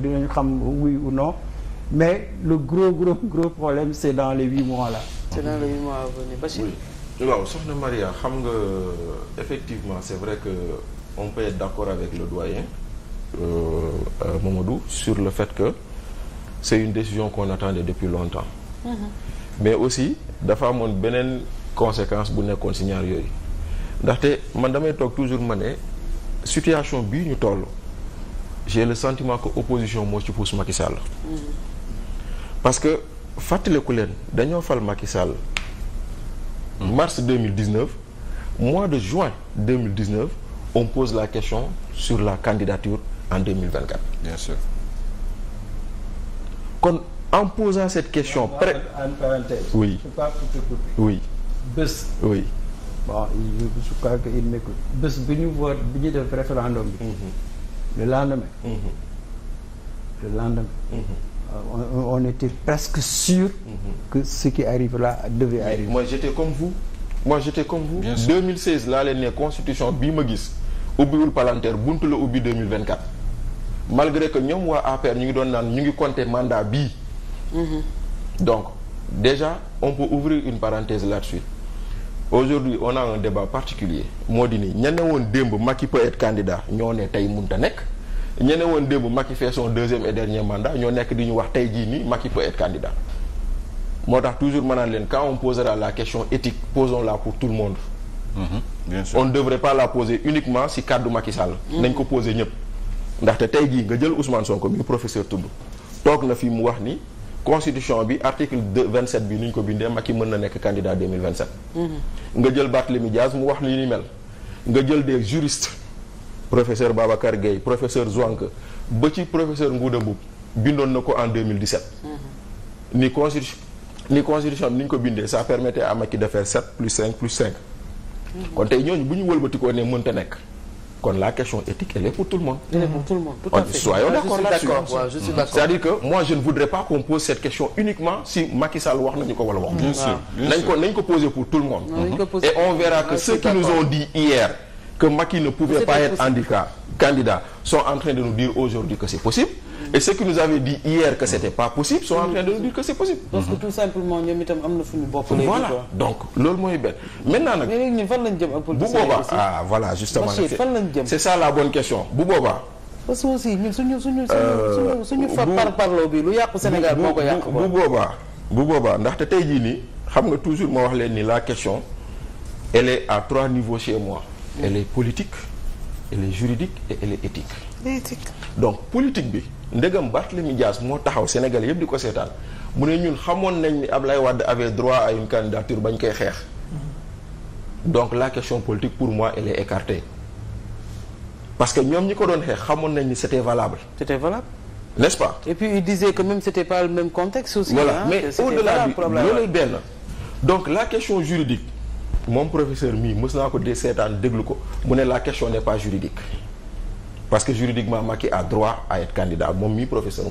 que xam oui ou no mais le gros gros gros problème c'est dans les huit mois la c'est dans les huit mois à venir Bachir. waaw soxna Maria xam nga effectivement c'est vrai que on peut être d'accord avec le doyen euh, euh sur le fait que c'est une décision qu'on attendait depuis longtemps. Mm -hmm. mais aussi dafa amoon beneen conséquence bu nekkoon si ñaar yooyu ndaxte man damay toog toujours ma ne situation bii ñu toll. j'ai le sentiment ko opposition moo ci pousse Macky parce que fàttaliku leen dañoo fal Macky Sall. mars 2019 mois de juin 2019 on pose la question sur la candidature en 2024. bien sûr. kon en posant cette question. pré en parenthèse. oui je pas bés. je crois qu'il m'écoute. bi ñu vote bi ñu bi. Mhm. le lendemain. Mm-hmm. le lendemain. Mm-hmm. Euh, on, on était presque sûr mm-hmm. que ce qui arrive là devait Mais arriver. moi j'étais comme vous. moi j'étais comme vous. Bien 2016 laa leen ne constitution bii ma gis ubbiwul palanteer buntu la ubbi 2024. malgré que ñoom waa APR ñu ngi doon naan ñu ngi compter mandat bii. donc déjà on peut ouvrir une parenthèse là-dessus. aujourd'hui on a un débat particulier moo di nii ña ne woon démb Macky peut être ñoo ne tey mun ta nekk ña ne woon démb Macky fait son deuxième et dernier mandat ñoo nekk di ñu wax tey jii nii Macky peut être moo tax toujours ma naan leen quand on posera la question éthique posons-la pour tout le monde mmh, bien sûr. on ne pas la poser uniquement si kàddu Macky Sall mhm. nañ ko poser ñëpp ndaxte tey jii nga jël Ousmane ko mi professeur tudd toog na fi mu wax ni constitution bi article deux vingt sept bi ni ñu ko bindee Macky mën na nekk candidat deux mille vingt mm-hmm. nga jël Barthélémy Dias mu wax li ni mel. nga jël des juristes professeur Babacar Gueye professeur Zouanke ba ci professeur Ngouda Mboup bindoon na ko en 2017. Mm-hmm. ni constitution ni constitution bi ni ñu ko bindee sa permettait am Macky de faire sept plus cinq plus cinq. Mm-hmm. kon tey ñooñu bu ñu wëlbatikoo ne mënta nekk. kon la question éthique elle est pour tout le monde. elle est pour tout mm-hmm. c'est-à-dire que je ne voudrais pas qu'on pose cette question uniquement si Macky Sall wax nañu ko wala wax. bien sûr mm-hmm. nañ ko ko poser pour tout le monde. Mm-hmm. et on verra que ceux qui nous ont dit hier que Macky ne pouvait pas être handicap candidat sont en de nous dire aujourd'hui que c'est possible. et ceux qui nous avaient dit hier que c'était pas possible sont en train de nous que c'est possible. parce tout simplement ñoom itam am na fu ñu bopp. léegi voilà donc loolu mooy benn. maintenant nag mais ñun fan lañ jëm ak. bu boobaa ah voilà justement fan lañ jëm c'est ça la bonne question bu boobaa. parce que aussi ñun suñu suñu suñu euh, suñu fa par parlo bi lu yàqu Sénégal moo ko yàq. bu boobaa bu boobaa ndaxte tey jii nii xam nga toujours moo wax leen ni la question elle est à trois niveaux chez moi. elle est politique. elle est juridique et elle est éthique. donc politique bi ndegam Barthélemy Dias moo taxaw Sénégalais yëpp di ko seetaan mu ne ñun xamoon nañ ni Ablaye Wade avait droit à une candidature bañ koy xeex. donc la question politique pour moi elle est parce que ñoom ñi ko doon xeex xamoon nañ ni c'était valable. c'était valable. n'est-ce pas. et puis il disait que même c'était pas le même contexte. aussi voilà mais au-delà bi loolay benn. donc la question juridique. moom professeur mii mës naa ko de seetaan déglu ko mu ne la question n'est pas juridique parce que juridiquement Macky a droit à être candidat moom mii professeur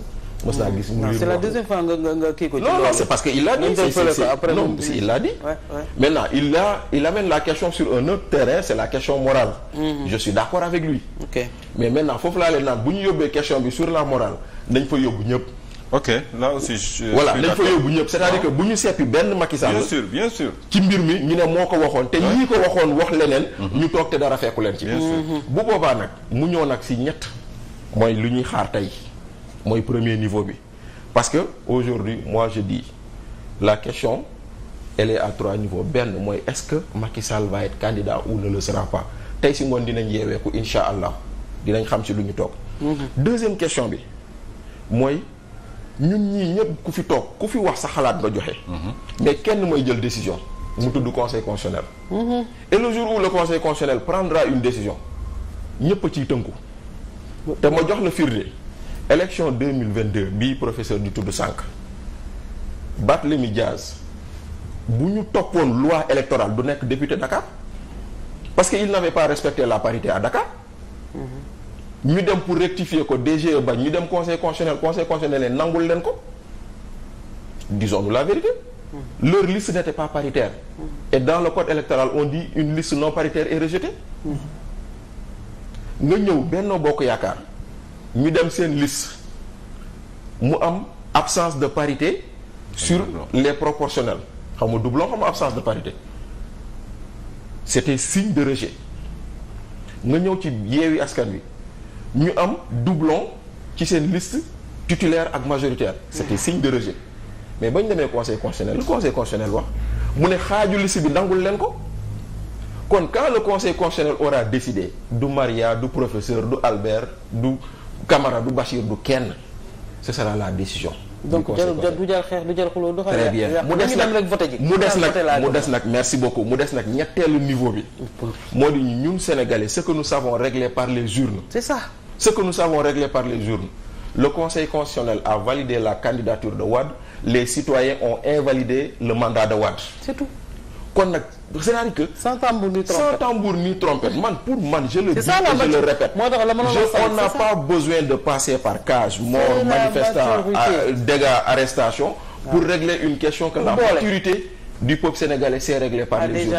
mës naa gis mu c'est la deuxième fois nga nga kii ko non non c'est parce que il l'a dit non il l'a dit maintenant il a il amène la question sur un autre terrain c'est la question morale mm-hmm. je suis d'accord avec lui mais maintenant foofu laa leen naan bu ñu yóbbee question bi sur la morale dañ fa yóbbu ñëpp ok là aussi je. voilà dañ fa yóbbu ñëpp c'est-à-dire que bu ñu seppi benn makis Sall. bien sûr mbir mi ñu ne moo ko waxoon te ñii ko waxoon wax leneen. Mhm. ñu toog te dara fekku leen ci. Mhm. bu boobaa nag mu ñëw nag si ñett mooy lu ñuy xaar tey mooy premier niveau bi parce que aujourd'hui moi je dis la question elle est à trois niveaux benn mooy ce que Macky Sall va être candidat ou ne le sera tey si ngoon dinañ yeeweeku insha allah dinañ xam si lu ñu toog. Mhm. deuxième question bi mooy. ñun ñii ñëpp ku fi toog ku fi wax sa xalaat nga joxe. mais kenn mooy jël décision mu tudd conseil constitutionnel. et le jour où le conseil constitutionnel prendra une décision ñëpp a ciy tënku. te ma jox la firnde élection 2022 bii professeur di tudd sànq Barthélémy Diaz bu ñu toppoon loi électorale du nekk député Dakar parce que il n'avait pas respecté la parité à Dakar. ñu dem pour rectifier ko DGE bañ ñu dem conseil constitutionnel conseil constitutionnel nangul leen ko disons-nous la vérité. Mmh. leur liste n'était pas paritaire. Mmh. et dans le code électoral on di une liste non paritaire est rejetée. Mmh. nga ñëw Benno Bokk Yaakaar ñu dem seen liste mu am absence de parité sur les proportionnels xam nga doublon xam nga absence de parité c'était signe de rejet nga ñëw ci Yewwi Askan Wi. ñu am doublon ci seen liste titulaire ak majoritaire c'était signe de rejet mais bañ demee conseil constitutionnel le conseil constitutionnel wax mu ne xaaju liste bi nangul leen ko kon quand le conseil constitutionnel aura décidé du Maria du professeur du Albert du Camara du Bachir du kenn ce sera la décision donc du jël xeex du jël xuloo du très bien mu des nag mu des nag mu des nag merci beaucoup mu des nag ñetteelu niveau bi moo di ñun Sénégalais ce que nous savons régler par les urnes c'est ça ce que nous savons réglé par les urnes le conseil constitutionnel a validé la candidature de Wade les citoyens ont invalidé le mandat de Wade. c'est tout. kon nag c'est-à-dire que. sans tambour ni trompette man pour man je le dis. je le répète. moo tax ma on n'a pas besoin de passer par cage. mort manifestant dégâts arrestation. Ah. pour régler une question que la maturité du peuple sénégalais s'est réglée par. les jours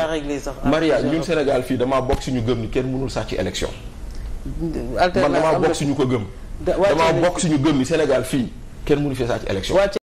Maria ñun Sénégal fii dama bokk si ñu gëm ni kenn mënul sax ci élection. man damaa bokk suñu ko gëm damaa bokk suñu gëm ni Sénégal fii kenn mënu fee sàcc élection